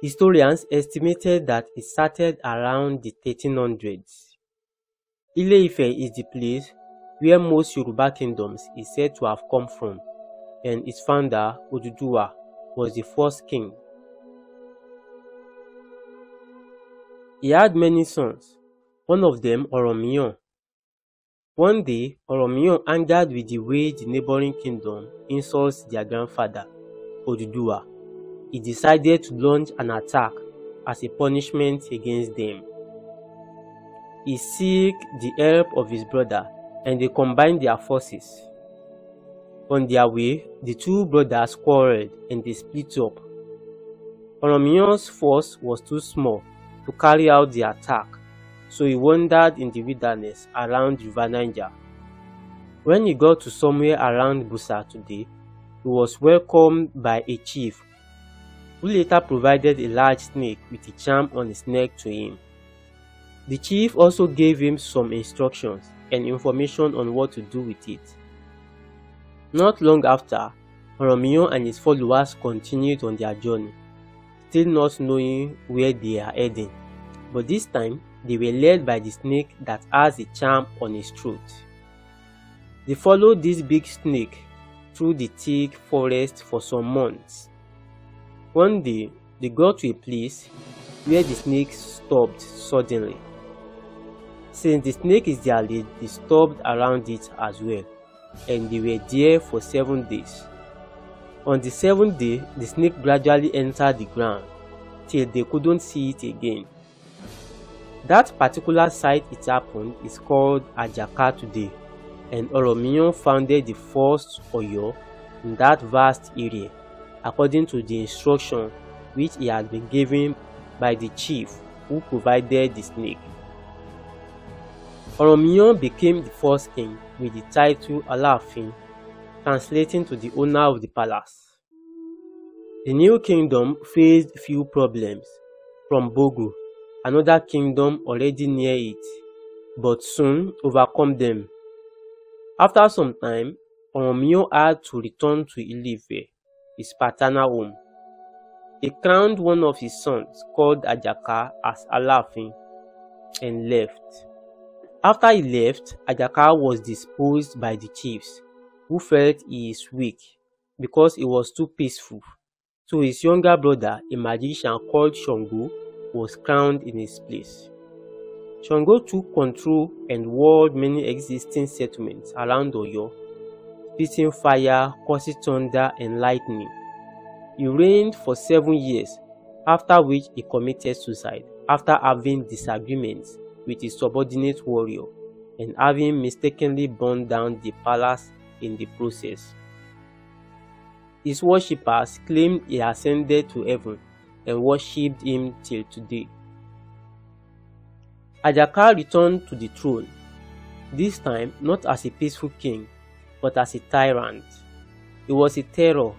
Historians estimated that it started around the 1300s. ile is the place where most Yoruba kingdoms is said to have come from and its founder Oduduwa was the first king. He had many sons, one of them Oromion. One day, Oromion angered with the way the neighboring kingdom insults their grandfather, Oduduwa he decided to launch an attack as a punishment against them. He seek the help of his brother and they combined their forces. On their way, the two brothers quarreled and they split up. Oromion's force was too small to carry out the attack, so he wandered in the wilderness around River Niger. When he got to somewhere around Busa today, he was welcomed by a chief who later provided a large snake with a charm on its neck to him. The chief also gave him some instructions and information on what to do with it. Not long after, Romeo and his followers continued on their journey, still not knowing where they are heading, but this time they were led by the snake that has a charm on its throat. They followed this big snake through the thick forest for some months One day, they got to a place where the snake stopped suddenly. Since the snake is their lead, they stopped around it as well, and they were there for seven days. On the seventh day, the snake gradually entered the ground till they couldn't see it again. That particular site it happened is called Ajaka today, and Oromiyan founded the first Oyo in that vast area according to the instruction which he had been given by the chief who provided the snake. Oromiyan became the first king with the title Alaafin, translating to the owner of the palace. The new kingdom faced few problems from Bogu, another kingdom already near it, but soon overcome them. After some time, Oromiyan had to return to Ilife. his paternal home. He crowned one of his sons, called Ajaka, as Alafin, and left. After he left, Ajaka was disposed by the chiefs, who felt he is weak because he was too peaceful. So his younger brother, a magician called Shango, was crowned in his place. Shango took control and walled many existing settlements around Oyo spitting fire, causing thunder and lightning. He reigned for seven years, after which he committed suicide after having disagreements with his subordinate warrior and having mistakenly burned down the palace in the process. His worshippers claimed he ascended to heaven and worshipped him till today. Ajaka returned to the throne, this time not as a peaceful king but as a tyrant. He was a terror,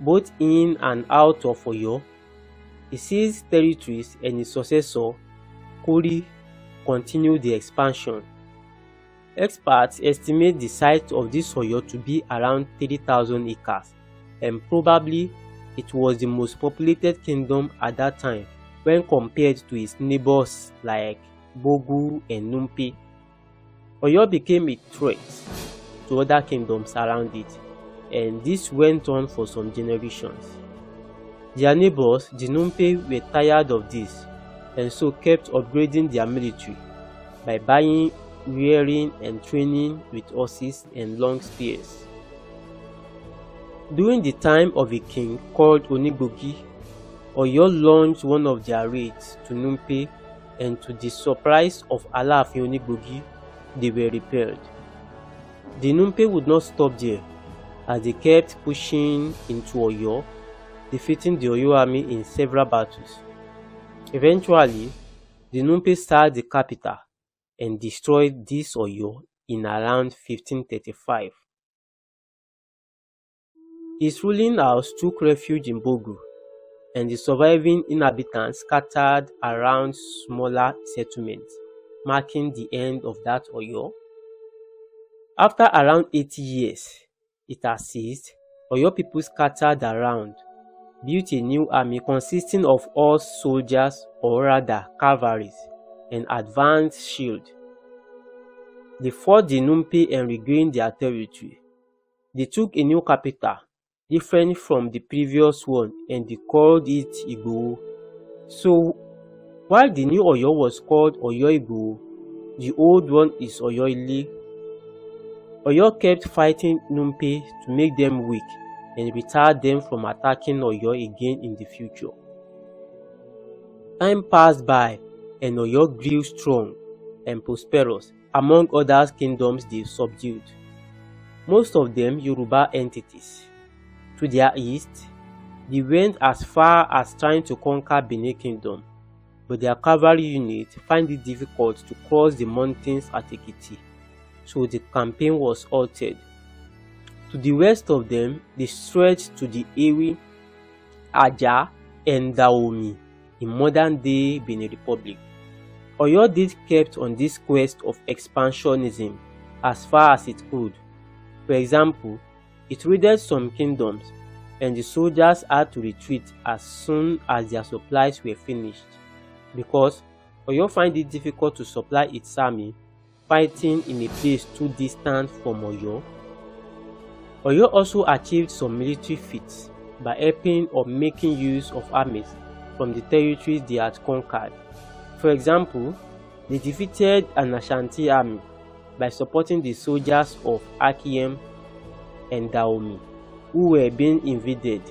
both in and out of Oyo. He seized territories and his successor, Kuri, continued the expansion. Experts estimate the size of this Oyo to be around 30,000 acres, and probably it was the most populated kingdom at that time when compared to its neighbors like Bogu and Numpi. Oyo became a threat to other kingdoms around it, and this went on for some generations. Their neighbors, the Numpe, were tired of this and so kept upgrading their military by buying, rearing, and training with horses and long spears. During the time of a king called Onigogi, Oyo launched one of their raids to Numpe and to the surprise of Alaafin Onigbogi, they were repelled. The Numpe would not stop there, as they kept pushing into Oyo, defeating the Oyo army in several battles. Eventually, the Numpe sacked the capital and destroyed this Oyo in around 1535. His ruling house took refuge in Bogu, and the surviving inhabitants scattered around smaller settlements, marking the end of that Oyo after around 80 years, it has ceased. Oyo people scattered around, built a new army consisting of all soldiers or rather cavalries, and advanced shield. They fought the Numpe and regained their territory. They took a new capital, different from the previous one, and they called it Igbo. So, while the new Oyo was called Oyo Igbo, the old one is Oyo Ile Oyo kept fighting Numpi to make them weak and retard them from attacking Oyo again in the future. Time passed by and Oyo grew strong and prosperous among other kingdoms they subdued, most of them Yoruba entities. To their east, they went as far as trying to conquer Benin Kingdom, but their cavalry unit found it difficult to cross the mountains at Ekiti so the campaign was halted. To the west of them, they stretched to the Ewe, Aja, and Daomi in modern-day Benin Republic. Oyo did kept on this quest of expansionism as far as it could. For example, it raided some kingdoms and the soldiers had to retreat as soon as their supplies were finished because Oyo find it difficult to supply its army fighting in a place too distant from Oyo. Oyo also achieved some military feats by helping or making use of armies from the territories they had conquered. For example, they defeated an Ashanti army by supporting the soldiers of Akiem and Daomi who were being invaded.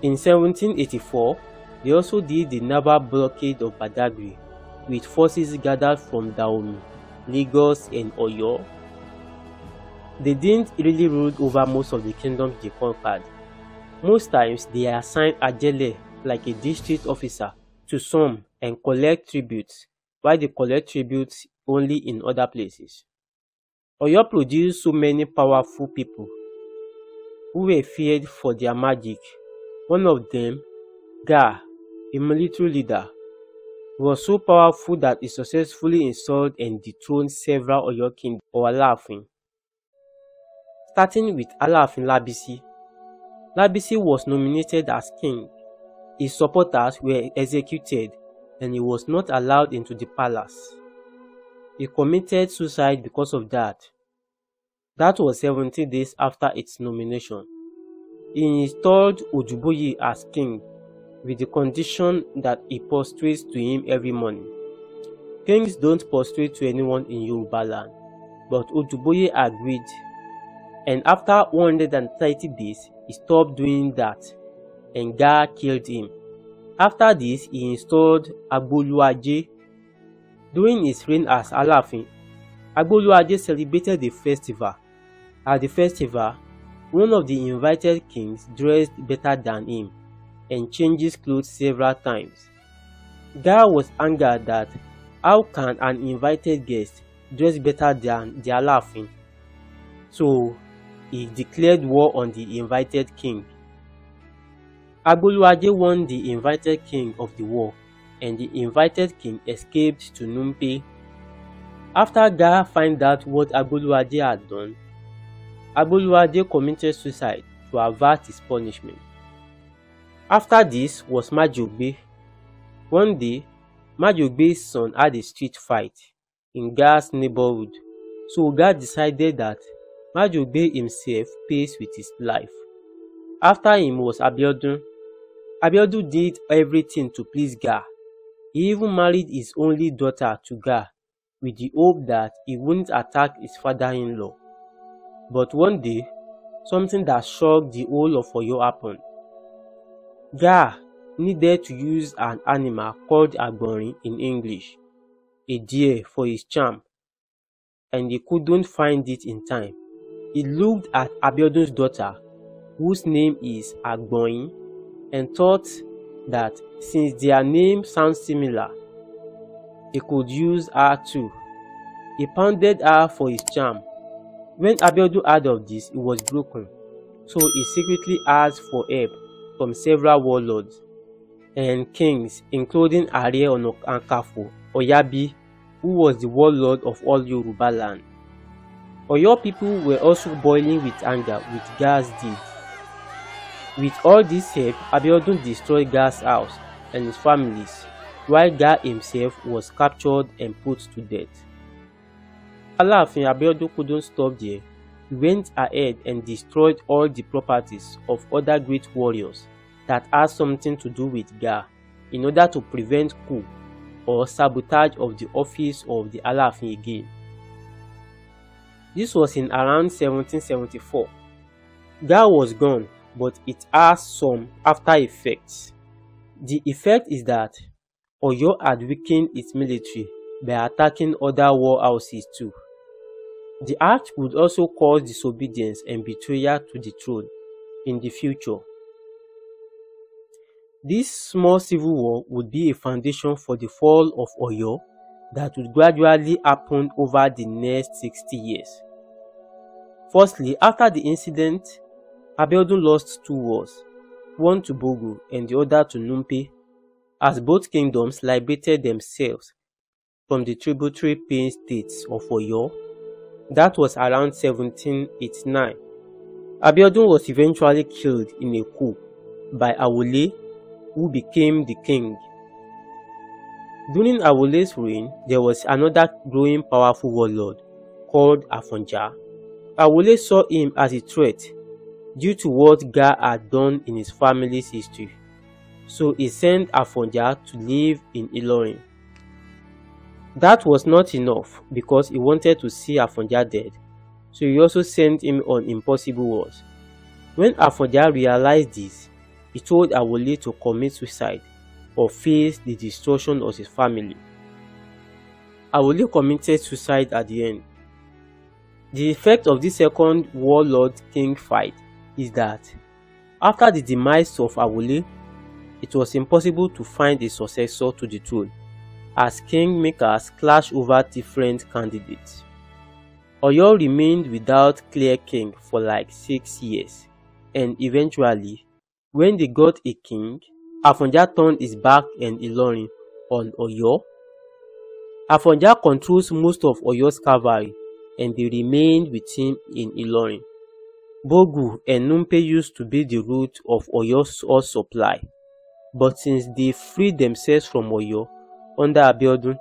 In 1784, they also did the naval blockade of Badagry with forces gathered from Dahomey, Lagos and Oyo. They didn't really rule over most of the kingdoms they conquered. Most times they assigned Ajele like a district officer to some and collect tribute, while they collect tribute only in other places. Oyo produced so many powerful people who were feared for their magic. One of them, Ga, a military leader was so powerful that he successfully installed and dethroned several Oyo kings or Alaafin. Starting with Alaafin Labisi, Labisi was nominated as king. His supporters were executed and he was not allowed into the palace. He committed suicide because of that. That was 70 days after its nomination. He installed Ojuboyi as king with the condition that he prostrates to him every morning. Kings don't prostrate to anyone in Yoruba land, but Ojuboye agreed, and after 130 days, he stopped doing that, and God killed him. After this, he installed Agboluaje. During his reign as Alafin, Agboluaje celebrated the festival. At the festival, one of the invited kings dressed better than him and changes clothes several times. Guy was angered that how can an invited guest dress better than their laughing? So he declared war on the invited king. Agoluwaje won the invited king of the war and the invited king escaped to Numpe. After Ga found out what Agoluwaje had done, Agoluwaje committed suicide to avert his punishment. After this was Majogbe. One day, Majogbe's son had a street fight in Gar's neighborhood, so Gar decided that Majogbe himself pays with his life. After him was Abiodun. Abiodun did everything to please Gar. He even married his only daughter to Gar, with the hope that he wouldn't attack his father-in-law. But one day, something that shocked the whole of Oyo happened. Yah needed to use an animal called Agborin in English, a deer, for his charm, and he couldn't find it in time. He looked at Abiodun's daughter, whose name is Agboin, and thought that since their name sounds similar, he could use her too. He pounded her for his charm. When Abiodun heard of this, he was broken, so he secretly asked for help from several warlords and kings including Arie Onakankafo Oyabi who was the warlord of all Yoruba land. Oyo people were also boiling with anger with Gaz deed. With all this help, Abiodun destroyed Gaz's house and his families, while Gaz himself was captured and put to death. Alaafin Abiodun couldn't stop there went ahead and destroyed all the properties of other great warriors that had something to do with Gar, in order to prevent coup or sabotage of the office of the Alafin again. This was in around 1774. Gar was gone but it has some after effects. The effect is that Oyo had weakened its military by attacking other warhouses too. The act would also cause disobedience and betrayal to the throne in the future. This small civil war would be a foundation for the fall of Oyo that would gradually happen over the next 60 years. Firstly, after the incident, Abiodun lost two wars, one to Bogu and the other to Numpe, as both kingdoms liberated themselves from the tributary paying states of Oyo that was around 1789. Abiodun was eventually killed in a coup by Awole, who became the king. During Awole's reign, there was another growing powerful warlord called Afonja. Awole saw him as a threat due to what Ga had done in his family's history, so he sent Afonja to live in Ilorin. That was not enough because he wanted to see Afonja dead, so he also sent him on impossible wars. When Afonja realized this, he told Awole to commit suicide or face the destruction of his family. Awole committed suicide at the end. The effect of this second warlord king fight is that after the demise of Awole, it was impossible to find a successor to the throne as kingmakers clash over different candidates. Oyo remained without clear king for like 6 years and eventually, when they got a king, Afonja turned his back and Ilorin on Oyo. Afonja controls most of Oyo's cavalry and they remained with him in Ilorin. Bogu and Numpe used to be the root of Oyo's supply, but since they freed themselves from Oyo, under Abiodun,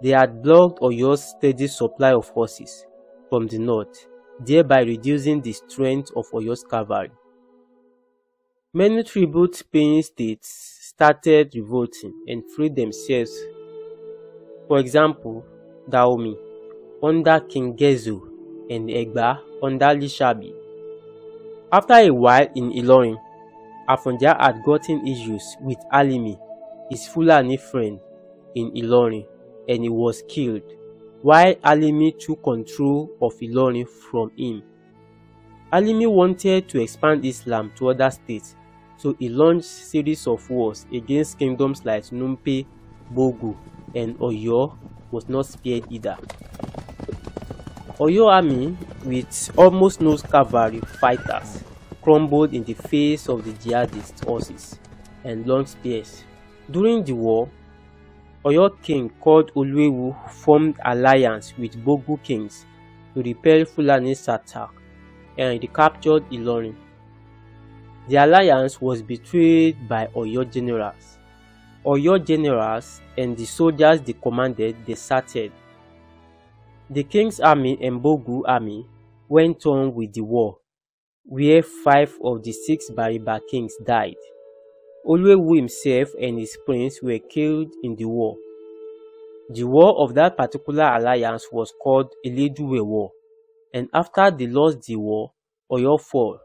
they had blocked Oyo's steady supply of horses from the north, thereby reducing the strength of Oyo's cavalry. Many tribute-paying states started revolting and freed themselves. For example, Daomi under King Gezu and Egba under Lishabi. After a while in Ilorin, Afonja had gotten issues with Alimi his Fulani friend in Ilorin and he was killed, while Alimi took control of Ilorin from him. Alimi wanted to expand Islam to other states, so he launched series of wars against kingdoms like Numpe, Bogu, and Oyo was not spared either. Oyo army, with almost no cavalry fighters, crumbled in the face of the jihadist horses and long spears during the war, Oyo king called Ulwewu formed alliance with Bogu kings to repel Fulani's attack and recaptured Ilorin. The alliance was betrayed by Oyo generals. Oyo generals and the soldiers they commanded deserted. The king's army and Bogu army went on with the war, where five of the six Bariba kings died. Olewu himself and his prince were killed in the war. The war of that particular alliance was called Eleduwe War, and after they lost the war, Oyo fell.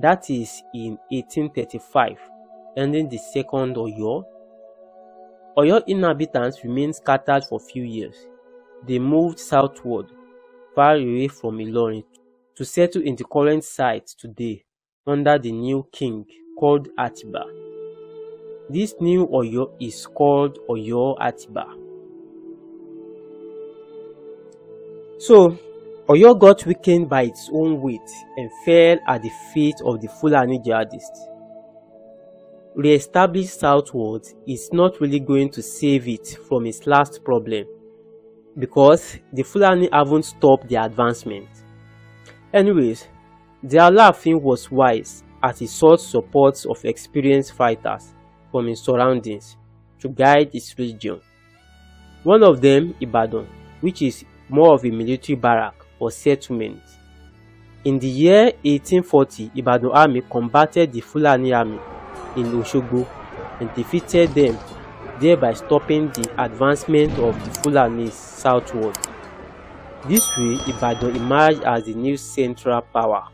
That is in 1835, ending the second Oyo. Oyo inhabitants remained scattered for few years. They moved southward, far away from Ilorin, to settle in the current site today under the new king called Atiba. This new Oyo is called Oyo Atiba. So, Oyo got weakened by its own weight and fell at the feet of the Fulani jihadists. Re-established southward is not really going to save it from its last problem because the Fulani haven't stopped their advancement. Anyways, their laughing was wise as he sought support of experienced fighters from his surroundings to guide his region, One of them, Ibadan, which is more of a military barrack or settlement. In the year 1840, Ibadan army combated the Fulani army in Oshogbo and defeated them, thereby stopping the advancement of the Fulani southward. This way, Ibadan emerged as the new central power.